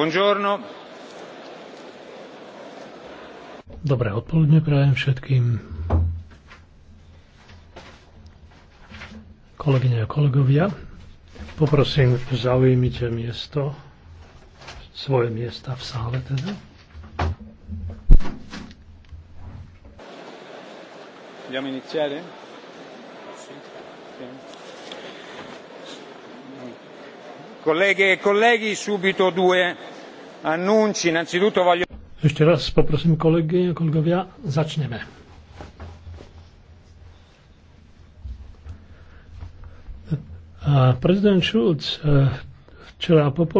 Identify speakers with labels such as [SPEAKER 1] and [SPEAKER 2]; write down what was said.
[SPEAKER 1] Buongiorno.
[SPEAKER 2] Dobré odpoludne prajem všetkým. Kolegyne a kolegovia,
[SPEAKER 3] poprosím, zaujímite miesto, svoje miesta v sále teda.
[SPEAKER 2] Vogliamo iniziare?
[SPEAKER 4] Sì. Sì. Colleghe e colleghi, subito due ešte
[SPEAKER 3] raz poprosím kolegy a kolegovia, začneme. prezident Schulz eh, včera popolu